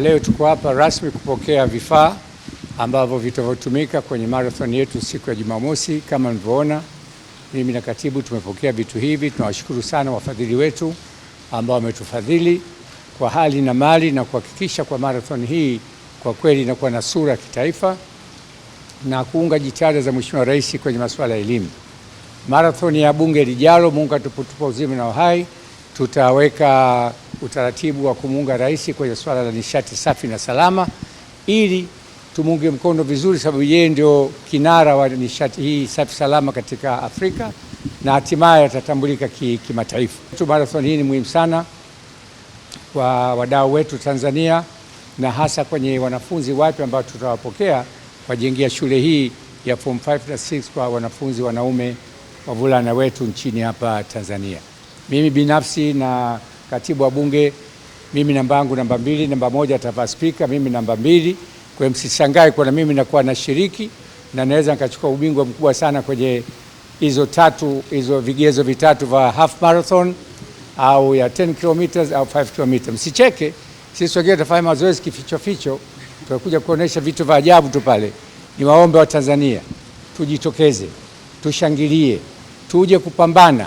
leo tuko hapa rasmi kupokea vifaa ambavyo vitavyotumika kwenye marathon yetu siku ya Jumamosi. Kama mlivyoona, mimi na katibu tumepokea vitu hivi. Tunawashukuru sana wafadhili wetu ambao wametufadhili kwa hali na mali na kuhakikisha kwa marathon hii kwa kweli inakuwa na sura ya kitaifa na kuunga jitihada za Mheshimiwa Rais kwenye masuala ya elimu. Marathon ya bunge lijalo, Mungu atupe uzima na uhai, tutaweka utaratibu wa kumuunga rais kwenye swala la nishati safi na salama, ili tumuunge mkono vizuri, sababu yeye ndio kinara wa nishati hii safi salama katika Afrika na hatimaye atatambulika kimataifa. Ki marathon hii ni muhimu sana kwa wadau wetu Tanzania na hasa kwenye wanafunzi wapya ambao tutawapokea kuwajengea shule hii ya form 5 na 6 kwa wanafunzi wanaume wavulana wetu nchini hapa Tanzania. Mimi binafsi na katibu wa Bunge, mimi namba yangu namba mbili, namba moja atavaa spika, mimi namba mbili. Kwa hiyo msishangae kwa na mimi nakuwa nashiriki na naweza nikachukua ubingwa mkubwa sana kwenye hizo tatu hizo vigezo vitatu vya half marathon au ya 10 kilometers au 5 kilometers. Msicheke, sisi wengine tutafanya mazoezi kificho ficho, tutakuja kuonesha vitu vya ajabu tu pale. Ni waombe wa Tanzania tujitokeze, tushangilie, tuje kupambana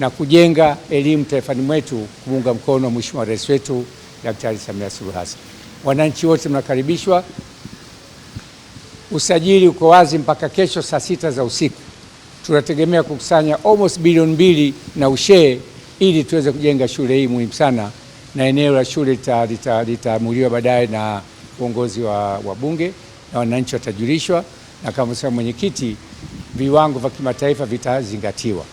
na kujenga elimu taifani mwetu kumuunga mkono Mheshimiwa Rais wetu Daktari Samia Suluhu Hassan. Wananchi wote mnakaribishwa. Usajili uko wazi mpaka kesho saa sita za usiku. Tunategemea kukusanya almost bilioni mbili na ushee ili tuweze kujenga shule hii muhimu sana, na eneo la shule litaamuliwa baadaye na uongozi wa, wa Bunge na wananchi watajulishwa, na kama sema mwenyekiti, viwango vya kimataifa vitazingatiwa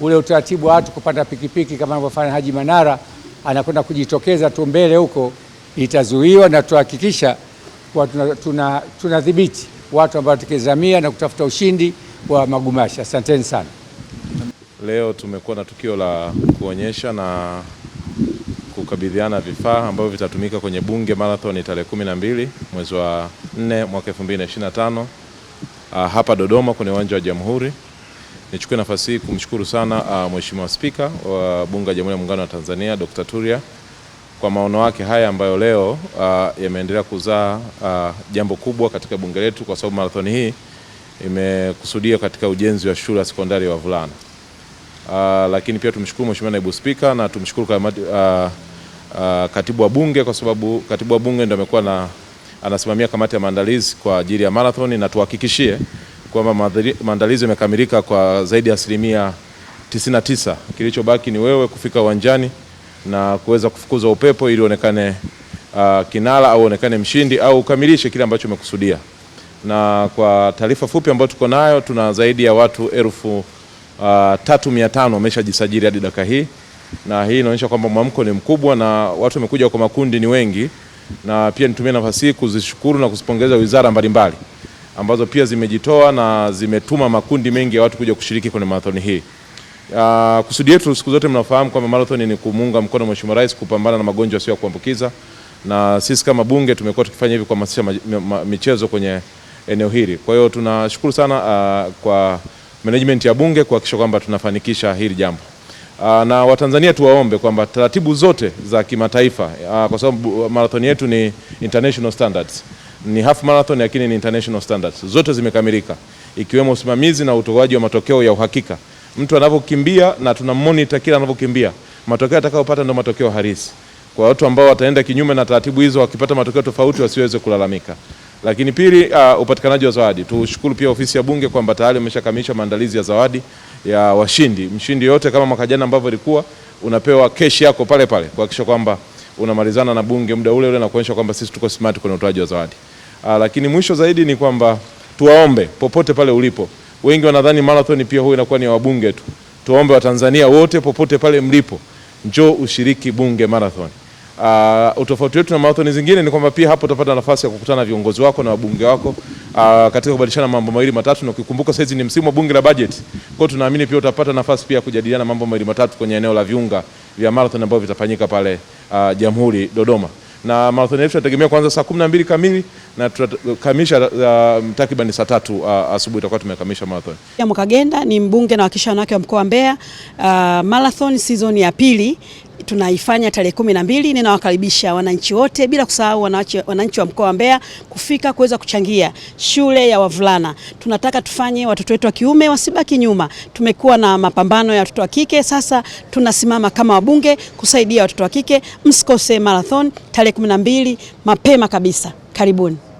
ule utaratibu wa watu kupanda pikipiki kama anavyofanya Haji Manara, anakwenda kujitokeza tu mbele huko, itazuiwa na tutahakikisha kwa tunadhibiti tuna, tuna watu ambao tukizamia na kutafuta ushindi wa magumasha. Asanteni sana. Leo tumekuwa na tukio la kuonyesha na kukabidhiana vifaa ambavyo vitatumika kwenye Bunge Marathon tarehe kumi na mbili mwezi wa 4 mwaka 2025 ah, hapa Dodoma kwenye uwanja wa Jamhuri. Nichukue nafasi hii kumshukuru sana uh, Mheshimiwa Spika wa Bunge la Jamhuri ya Muungano wa Tanzania Dr. Turia kwa maono yake haya ambayo leo uh, yameendelea kuzaa uh, jambo kubwa katika bunge letu, kwa sababu marathoni hii imekusudia katika ujenzi wa shule ya sekondari ya wavulana uh, lakini pia tumshukuru Mheshimiwa Naibu Spika na tumshukuru uh, uh, katibu wa bunge kwa sababu katibu wa bunge ndio amekuwa na anasimamia kamati ya maandalizi kwa ajili ya marathoni na tuhakikishie kwamba maandalizi yamekamilika kwa zaidi ya asilimia 99. Kilichobaki ni wewe kufika uwanjani na kuweza kufukuza upepo ili uonekane uh, kinara au uonekane mshindi au ukamilishe kile ambacho umekusudia. Na kwa taarifa fupi ambayo tuko nayo, tuna zaidi ya watu elfu uh, tatu mia tano wameshajisajili hadi dakika hii, na hii inaonyesha kwamba mwamko ni mkubwa na watu wamekuja kwa makundi, ni wengi, na pia nitumie nafasi hii kuzishukuru na kuzipongeza wizara mbalimbali mbali ambazo pia zimejitoa na zimetuma makundi mengi ya watu kuja kushiriki kwenye marathoni hii. Uh, kusudi yetu siku zote mnafahamu kwamba marathoni ni kumuunga mkono Mheshimiwa Rais kupambana na magonjwa sio kuambukiza, na sisi kama bunge tumekuwa tukifanya hivi kuhamasisha michezo kwenye eneo hili. Kwa hiyo tunashukuru sana uh, kwa management ya bunge kuhakikisha kwamba tunafanikisha hili jambo. Uh, na Watanzania tuwaombe kwamba taratibu zote za kimataifa uh, kwa sababu marathoni yetu ni international standards ni half marathon lakini ni international standards zote zimekamilika, ikiwemo usimamizi na utoaji wa matokeo ya uhakika mtu anapokimbia na tuna monitor kila anapokimbia, Matokeo atakayopata ndio matokeo halisi. Kwa watu ambao wataenda kinyume na taratibu hizo, wakipata matokeo tofauti wasiweze kulalamika. Lakini pili, uh, upatikanaji wa zawadi. Tushukuru pia ofisi ya Bunge kwamba tayari wameshakamilisha maandalizi ya zawadi ya washindi. Mshindi yote kama mwaka jana ambavyo ilikuwa unapewa keshi yako pale pale kuhakikisha kwamba unamalizana na Bunge muda ule ule na kuonyesha kwamba sisi tuko smart kwenye utoaji wa zawadi. Aa, ah, lakini mwisho zaidi ni kwamba tuwaombe popote pale ulipo. Wengi wanadhani marathon pia huwa inakuwa ni wabunge tu. Tuwaombe Watanzania wote popote pale mlipo, njoo ushiriki bunge marathon. Uh, utofauti wetu na marathon zingine ni kwamba pia hapo utapata nafasi ya kukutana na viongozi wako na wabunge wako uh, katika kubadilishana mambo mawili matatu, na ukikumbuka saizi ni msimu wa bunge la bajeti. Kwa hiyo tunaamini pia utapata nafasi pia kujadiliana mambo mawili matatu kwenye eneo la viunga vya marathon ambayo vitafanyika pale uh, Jamhuri Dodoma na marathoni yetu tunategemea kuanza saa kumi na mbili kamili na tutakamisha uh, takriban saa tatu uh, asubuhi tutakuwa tumekamilisha marathon. Mwakagenda ni mbunge na wakisha wanawake wa mkoa wa Mbeya. Uh, marathon season ya pili tunaifanya tarehe kumi na mbili. Ninawakaribisha wananchi wote bila kusahau wananchi wa mkoa wa Mbeya kufika kuweza kuchangia shule ya wavulana. Tunataka tufanye watoto wetu wa kiume wasibaki nyuma. Tumekuwa na mapambano ya watoto wa kike, sasa tunasimama kama wabunge kusaidia watoto wa kike. Msikose marathon tarehe kumi na mbili mapema kabisa. Karibuni.